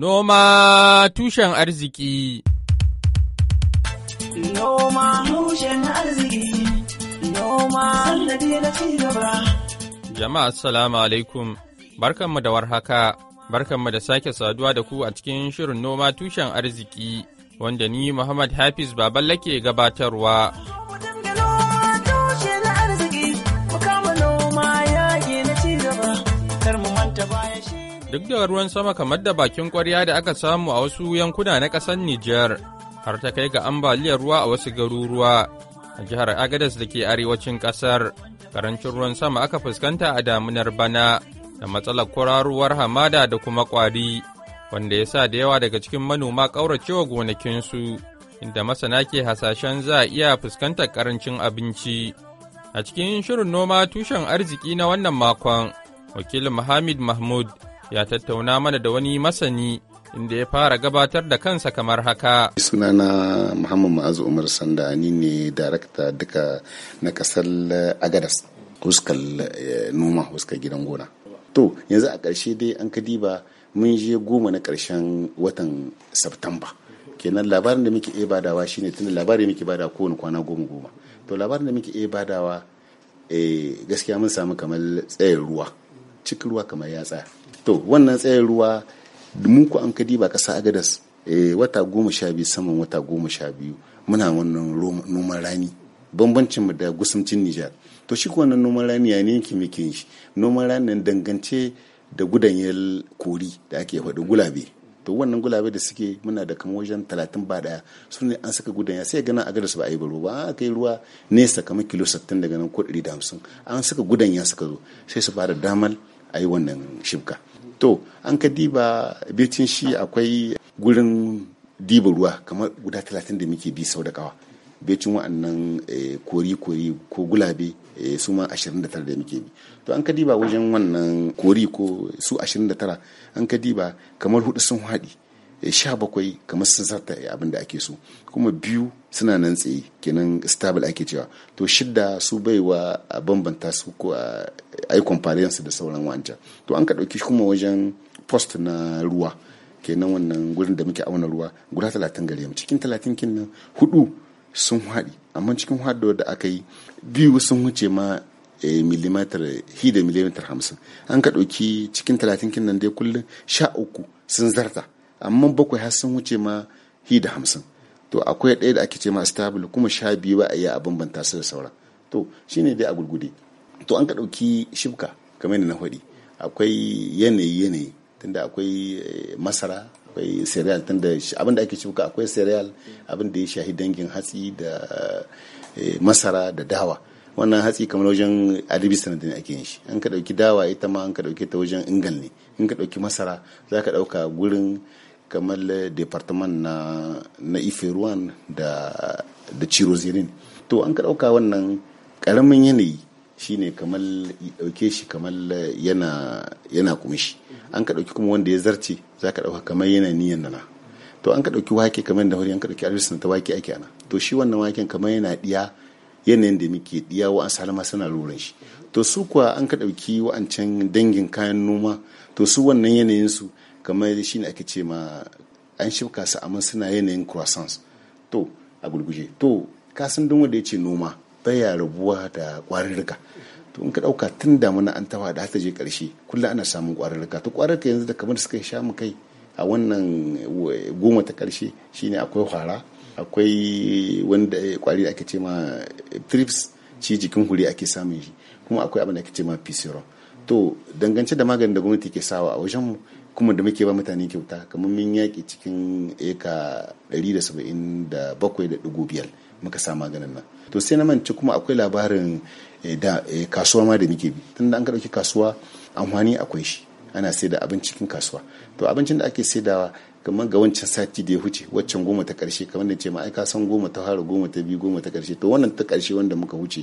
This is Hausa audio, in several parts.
Noma tushen arziki Noma tushen arziki Noma sallade na ci gaba. Jama'a assalamu alaikum barkanmu da warhaka barkanmu da sake saduwa da ku a cikin shirin noma tushen arziki wanda ni Muhammad Hafiz Baballe ke gabatarwa. Kar mu manta baya shi duk da ruwan sama kamar da bakin kwarya da aka samu a wasu yankuna na ƙasar Nijar, har ta kai ga ambaliyar ruwa a wasu garuruwa a jihar Agadez da ke arewacin ƙasar. Karancin ruwan sama aka fuskanta a damunar bana da matsalar kwararuwar hamada da kuma kwari, wanda ya sa da yawa daga cikin manoma ƙauracewa gonakinsu, inda masana ke hasashen za a iya fuskantar ƙarancin abinci. A cikin shirin noma tushen arziki na wannan makon, wakilin Muhammad Mahmud ya tattauna mana da wani masani inda ya fara gabatar da kansa kamar haka. Sunana Muhammad Ma'azu Umar Sanda ni ne darakta duka na kasar Agadas huskar eh, noma huskar gidan gona. To yanzu a ƙarshe dai an ka diba mun je goma na ƙarshen watan Satumba. kenan labarin da muke iya badawa shine tunda labarin da muke badawa kowane kwana goma goma to labarin da muke iya badawa eh, gaskiya mun samu kamar tsayin ruwa cikin ruwa kamar ya tsaya to wannan tsaye ruwa mun ku an kadi ba kasa agadas eh, wata goma sha biyu saman wata goma sha biyu muna wannan noman rani bambancin mu da gusumcin Nijar to shi ko wannan noman rani ya ne yake muke shi noman ranin dangance da gudanyar kori da ake faɗi gulabe to wannan gulabe da suke muna da kamar wajen talatin ba daya su ne an saka gudanya sai gana a gadarsu ba a yi baro ba a kai ruwa nesa kamar kilo sittin daga nan ko ɗari da hamsin an saka gudanya suka zo sai su fara damal a yi wannan shibka to an ka diba bitin shi akwai gurin diba ruwa kamar guda talatin da muke bi sau da kawa becin wa'annan eh, kori-kori ko gulabe eh, su ma 29 da muke bi to an ka diba wajen wannan kori ko su 29 an ka diba kamar hudu sun haɗi sha bakwai kamar sun sarta abin da ake so kuma biyu suna nan tsaye kenan stable ake cewa to shidda su baiwa a bambanta su ko a aikon compliance da sauran wancan to an ka ɗauki kuma wajen post na ruwa kenan wannan gurin da muke auna ruwa guda talatin gare mu cikin talatin kin nan hudu sun haɗi amma cikin haɗuwar da aka yi biyu sun wuce ma eh, millimeter hi da millimeter hamsin an ka ɗauki cikin talatin kin nan dai kullum sha uku sun zarta amma bakwai har sun wuce ma hi da hamsin to akwai ɗaya da ake ce ma stable kuma sha biyu ba a iya a bambanta su da sauran to shine dai a gurgude to an ka ɗauki shibka kamar yadda na faɗi akwai yanayi yanayi tunda akwai eh, masara akwai cereal tunda abin da ake shuka akwai cereal abin da ya shahi dangin hatsi da eh, masara da dawa wannan hatsi kamar wajen adibi sanadin ake yin shi an ka ɗauki dawa ita ma an ka dauke ta wajen ingal ne in ka ɗauki masara za ka ɗauka gurin kamar departement na na ifiruan da da cirozirin to an ka ɗauka wannan ƙaramin yanayi shine kamar ɗauke shi kamar yana yana shi an ka ɗauki kuma wanda ya zarce za ka ɗauka kamar yana niyan nana to an ka ɗauki wake kamar da hori an ka ɗauki arzikin ta wake ake ana to shi wannan waken kamar yana ɗiya yanayin da muke ɗiya wa'an salama suna loran shi to su kuwa an ka ɗauki wa'ancan dangin kayan noma to su wannan yanayin su kamar shi ne ake ce ma an shifka su amma suna yanayin croissants to a gulguje to kasan don wanda ya ce noma baya rabuwa da ƙwararruka to in ka ɗauka tun damuna an tawa da haka je karshe kullum ana samun ƙwararruka to ƙwararruka yanzu da kamar suka sha mu kai a wannan eh, goma ta karshe shine akwai hwara akwai wanda eh, kwari ake ce ma eh, trips ci jikin huri ake samun shi kuma akwai abin da ake ce ma pisiron to dangance da maganin da gwamnati ke sawa a wajen mu kuma da muke ba mutane kyauta kamar mun yaƙi cikin eka 177.5 muka sa maganin nan to sai na manci kuma akwai labarin eh, da eh, kasuwa ma da muke bi tunda an ka ɗauki kasuwa amfani akwai shi ana sai da abinci cikin kasuwa to abincin da ake saidawa kamar ga wancan sati da ya huce waccan goma ta karshe kamar da ce ma'aika san goma ta fara goma ta biyu goma ta karshe to wannan ta karshe wanda muka huce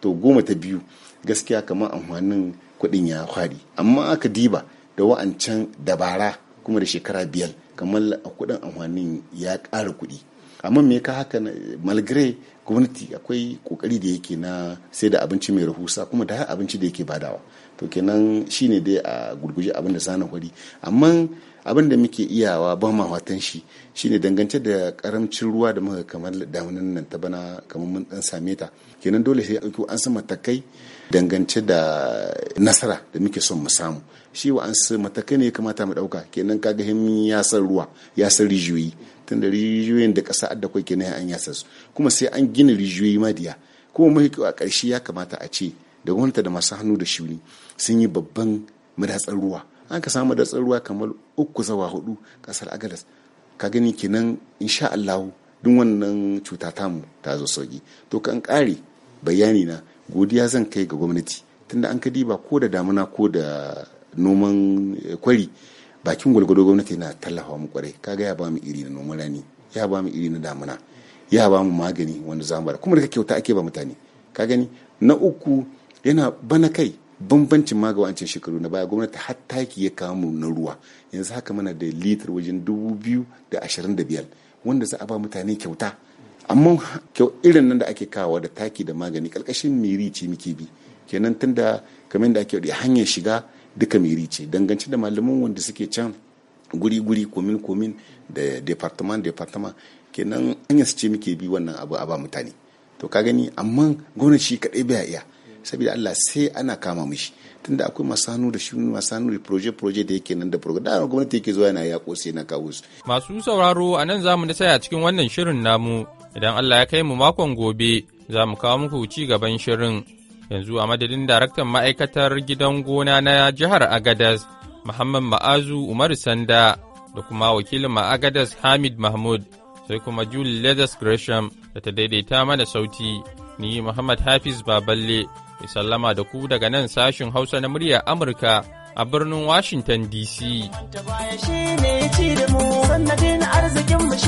to goma ta biyu gaskiya kamar amfanin kuɗin ya kwari amma aka diba da wa'ancan dabara kuma da shekara biyar kamar kuɗin amfanin ya ƙara kuɗi amma me ka haka malgre gwamnati akwai kokari da yake na sai da abinci mai rahusa kuma da abinci da yake badawa to kenan shine dai a gurguje abin da zana hori amma abin da muke iyawa ba ma watan shi shine dangance da karamcin ruwa da muka kamar damunan nan ta bana kamar mun dan same ta kenan dole sai an san matakai dangance da nasara da muke son mu samu shi wa an matakai ne ya kamata mu dauka kenan kaga him ya san ruwa ya san rijiyoyi tun da rijiyoyin da kasa adda kwai kenan an yasa su kuma sai an gina rijiyoyi madiya kuma mu a karshe ya kamata a ce da gwamnati da masu hannu da shuni sun yi babban madatsar ruwa an ka samu madatsar ruwa kamar uku zawa hudu kasar agadas ka gani kenan insha Allah duk wannan cuta tamu ta zo sauki to kan ƙare bayani na godiya zan kai ga gwamnati tunda an ka diba ko da damuna ko da noman eh, kwari bakin gwalgwado gwamnati yana tallafa mu kwarai kaga ya ba mu iri na noman rani ya ba mu iri na damuna ya ba mu magani wanda za mu kuma daga kyauta ake ba mutane ka gani na uku yana bana kai bambancin ma ga wancan shekaru na baya gwamnati har taki ya kawo mu na ruwa yanzu haka muna da litar wajen dubu biyu da ashirin da biyar wanda za a ba mutane kyauta amma kyau irin nan da ake kawo da taki da magani karkashin miri ce muke bi kenan tunda kamar da ake da hanyar shiga duka miri ce dangance da malaman wanda suke can guri guri komin komin da departement departement kenan hanyar ce muke bi wannan abu a ba mutane to ka gani amma gwamnati shi kadai baya iya saboda Allah sai ana kama mishi tunda akwai masu hannu da shi masu hannu da proje proje da yake nan da program da gwamnati yake zuwa yana yako sai na kawo su masu sauraro a nan zamu da saya cikin wannan shirin namu Idan Allah ya kai mu makon gobe, za mu kawo muku ci gaban shirin. Yanzu a madadin daraktan ma'aikatar gidan gona na jihar Agadas, Muhammad Ma'azu Umar Sanda, da kuma wakilin Agadas Hamid Mahmud, sai kuma Julie Leathers Gresham da ta daidaita mana sauti. Ni Muhammad Hafiz Baballe, mai sallama da ku daga nan sashin Hausa na muryar Amurka a birnin Washington DC. arzikin